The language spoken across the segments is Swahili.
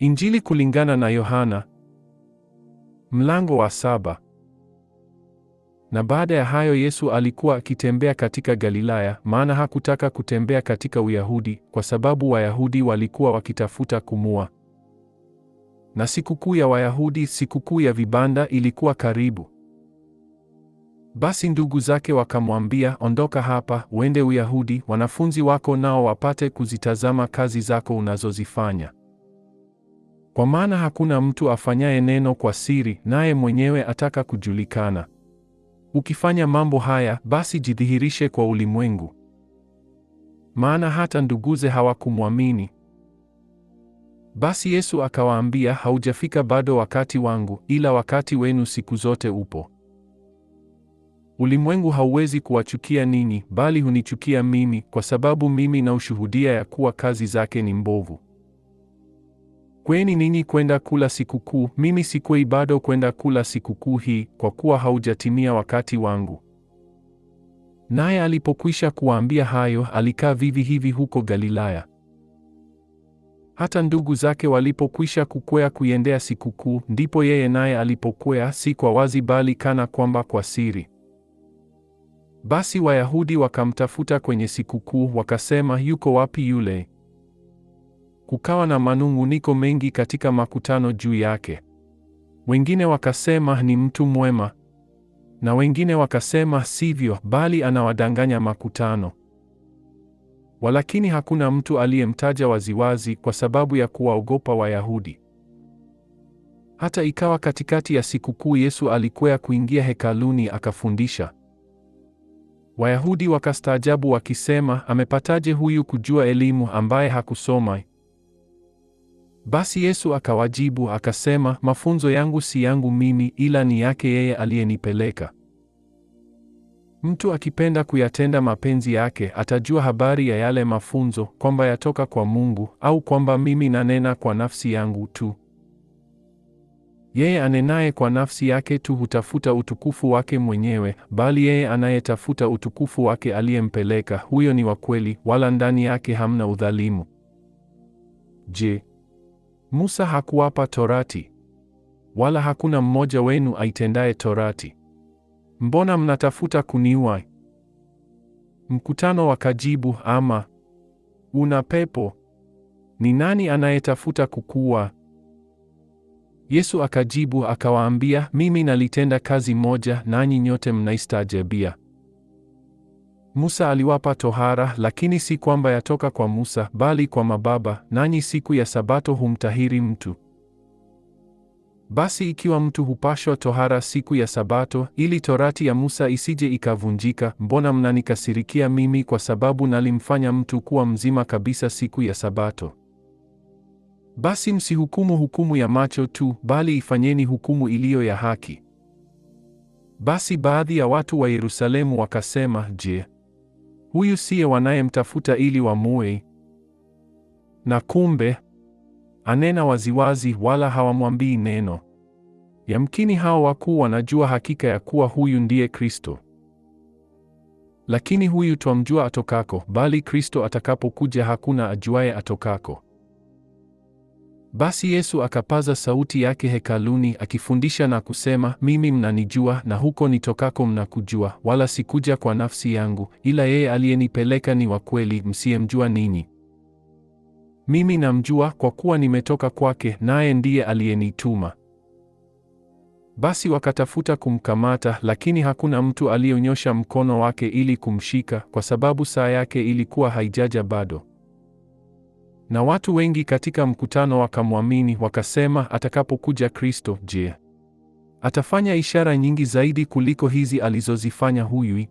Injili kulingana na Yohana mlango wa saba. Na baada ya hayo Yesu alikuwa akitembea katika Galilaya, maana hakutaka kutembea katika Uyahudi, kwa sababu Wayahudi walikuwa wakitafuta kumua. Na sikukuu ya Wayahudi, sikukuu ya vibanda, ilikuwa karibu. Basi ndugu zake wakamwambia, ondoka hapa, uende Uyahudi, wanafunzi wako nao wapate kuzitazama kazi zako unazozifanya. Kwa maana hakuna mtu afanyaye neno kwa siri, naye mwenyewe ataka kujulikana. Ukifanya mambo haya, basi jidhihirishe kwa ulimwengu. Maana hata nduguze hawakumwamini. Basi Yesu akawaambia, haujafika bado wakati wangu, ila wakati wenu siku zote upo. Ulimwengu hauwezi kuwachukia ninyi, bali hunichukia mimi, kwa sababu mimi naushuhudia ya kuwa kazi zake ni mbovu kweni ninyi kwenda kula sikukuu, mimi sikwei bado kwenda kula sikukuu hii, kwa kuwa haujatimia wakati wangu. Naye alipokwisha kuwaambia hayo, alikaa vivi hivi huko Galilaya. Hata ndugu zake walipokwisha kukwea kuiendea sikukuu, ndipo yeye naye alipokwea, si kwa wazi, bali kana kwamba kwa siri. Basi Wayahudi wakamtafuta kwenye sikukuu, wakasema, yuko wapi yule kukawa na manung'uniko mengi katika makutano juu yake. Wengine wakasema ni mtu mwema, na wengine wakasema sivyo, bali anawadanganya makutano. Walakini hakuna mtu aliyemtaja waziwazi kwa sababu ya kuwaogopa Wayahudi. Hata ikawa katikati ya sikukuu, Yesu alikwea kuingia hekaluni akafundisha. Wayahudi wakastaajabu wakisema, amepataje huyu kujua elimu ambaye hakusoma? Basi Yesu akawajibu akasema, mafunzo yangu si yangu mimi, ila ni yake yeye aliyenipeleka. Mtu akipenda kuyatenda mapenzi yake atajua habari ya yale mafunzo, kwamba yatoka kwa Mungu, au kwamba mimi nanena kwa nafsi yangu tu. Yeye anenaye kwa nafsi yake tu hutafuta utukufu wake mwenyewe, bali yeye anayetafuta utukufu wake aliyempeleka, huyo ni wa kweli, wala ndani yake hamna udhalimu. Je, Musa hakuwapa Torati, wala hakuna mmoja wenu aitendaye Torati. Mbona mnatafuta kuniua? Mkutano wakajibu, ama una pepo? Ni nani anayetafuta kukua? Yesu akajibu akawaambia, mimi nalitenda kazi moja, nanyi nyote mnaistajabia. Musa aliwapa tohara, lakini si kwamba yatoka kwa Musa, bali kwa mababa, nanyi siku ya Sabato humtahiri mtu. Basi ikiwa mtu hupashwa tohara siku ya Sabato, ili torati ya Musa isije ikavunjika, mbona mnanikasirikia mimi kwa sababu nalimfanya mtu kuwa mzima kabisa siku ya Sabato? Basi msihukumu hukumu ya macho tu, bali ifanyeni hukumu iliyo ya haki. Basi baadhi ya watu wa Yerusalemu wakasema, Je, Huyu siye wanayemtafuta ili wamue. Na kumbe anena waziwazi, wala hawamwambii neno. Yamkini hao wakuu wanajua hakika ya kuwa huyu ndiye Kristo. Lakini huyu twamjua atokako, bali Kristo atakapokuja hakuna ajuaye atokako. Basi Yesu akapaza sauti yake hekaluni akifundisha na kusema, mimi mnanijua, na huko nitokako mnakujua, wala sikuja kwa nafsi yangu, ila yeye aliyenipeleka ni wa kweli, msiyemjua ninyi. Mimi namjua kwa kuwa nimetoka kwake, naye ndiye aliyenituma. Basi wakatafuta kumkamata, lakini hakuna mtu aliyonyosha mkono wake ili kumshika, kwa sababu saa yake ilikuwa haijaja bado. Na watu wengi katika mkutano wakamwamini, wakasema, atakapokuja Kristo, je, atafanya ishara nyingi zaidi kuliko hizi alizozifanya huyu?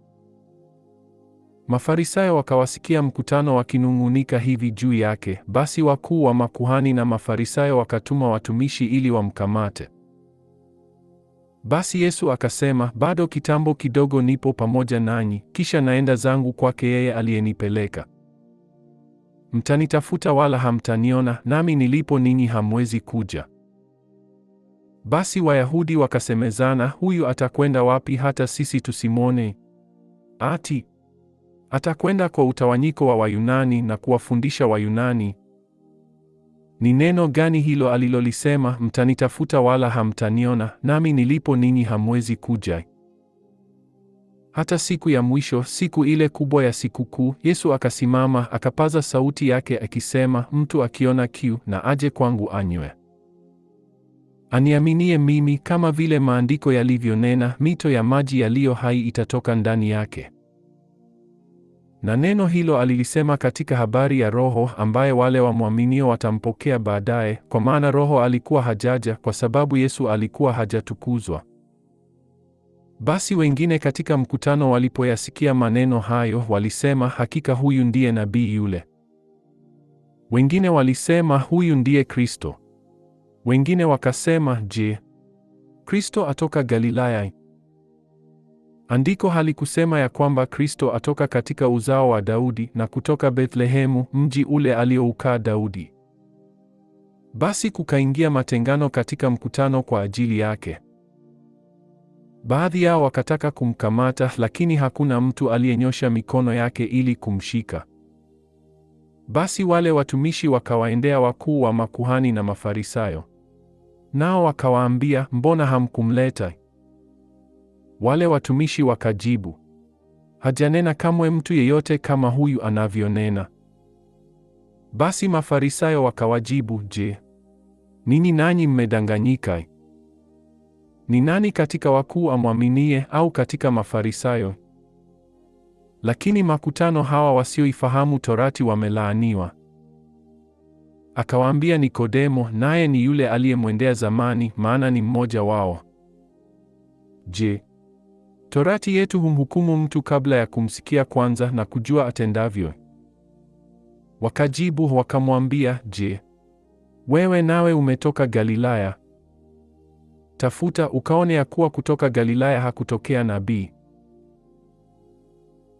Mafarisayo wakawasikia mkutano wakinung'unika hivi juu yake. Basi wakuu wa makuhani na Mafarisayo wakatuma watumishi ili wamkamate. Basi Yesu akasema, bado kitambo kidogo nipo pamoja nanyi, kisha naenda zangu kwake yeye aliyenipeleka. Mtanitafuta wala hamtaniona, nami nilipo ninyi hamwezi kuja. Basi Wayahudi wakasemezana, huyu atakwenda wapi hata sisi tusimwone? Ati atakwenda kwa utawanyiko wa Wayunani na kuwafundisha Wayunani. Ni neno gani hilo alilolisema, mtanitafuta wala hamtaniona, nami nilipo ninyi hamwezi kuja? Hata siku ya mwisho, siku ile kubwa ya sikukuu, Yesu akasimama akapaza sauti yake akisema, mtu akiona kiu na aje kwangu anywe. Aniaminie mimi, kama vile maandiko yalivyonena, mito ya maji yaliyo hai itatoka ndani yake. Na neno hilo alilisema katika habari ya Roho ambaye wale wamwaminio watampokea baadaye, kwa maana Roho alikuwa hajaja kwa sababu Yesu alikuwa hajatukuzwa. Basi wengine katika mkutano walipoyasikia maneno hayo, walisema hakika huyu ndiye nabii yule. Wengine walisema huyu ndiye Kristo. Wengine wakasema, je, Kristo atoka Galilaya? Andiko halikusema ya kwamba Kristo atoka katika uzao wa Daudi na kutoka Bethlehemu, mji ule alioukaa Daudi. Basi kukaingia matengano katika mkutano kwa ajili yake. Baadhi yao wakataka kumkamata, lakini hakuna mtu aliyenyosha mikono yake ili kumshika. Basi wale watumishi wakawaendea wakuu wa makuhani na Mafarisayo, nao wakawaambia, mbona hamkumleta? Wale watumishi wakajibu, hajanena kamwe mtu yeyote kama huyu anavyonena. Basi Mafarisayo wakawajibu, je, nini nanyi mmedanganyika? Ni nani katika wakuu amwaminie au katika Mafarisayo? Lakini makutano hawa wasioifahamu torati wamelaaniwa. Akawaambia Nikodemo, naye ni yule aliyemwendea zamani, maana ni mmoja wao. Je, torati yetu humhukumu mtu kabla ya kumsikia kwanza na kujua atendavyo? Wakajibu wakamwambia, je, wewe nawe umetoka Galilaya? Tafuta ukaone ya kuwa kutoka Galilaya hakutokea nabii.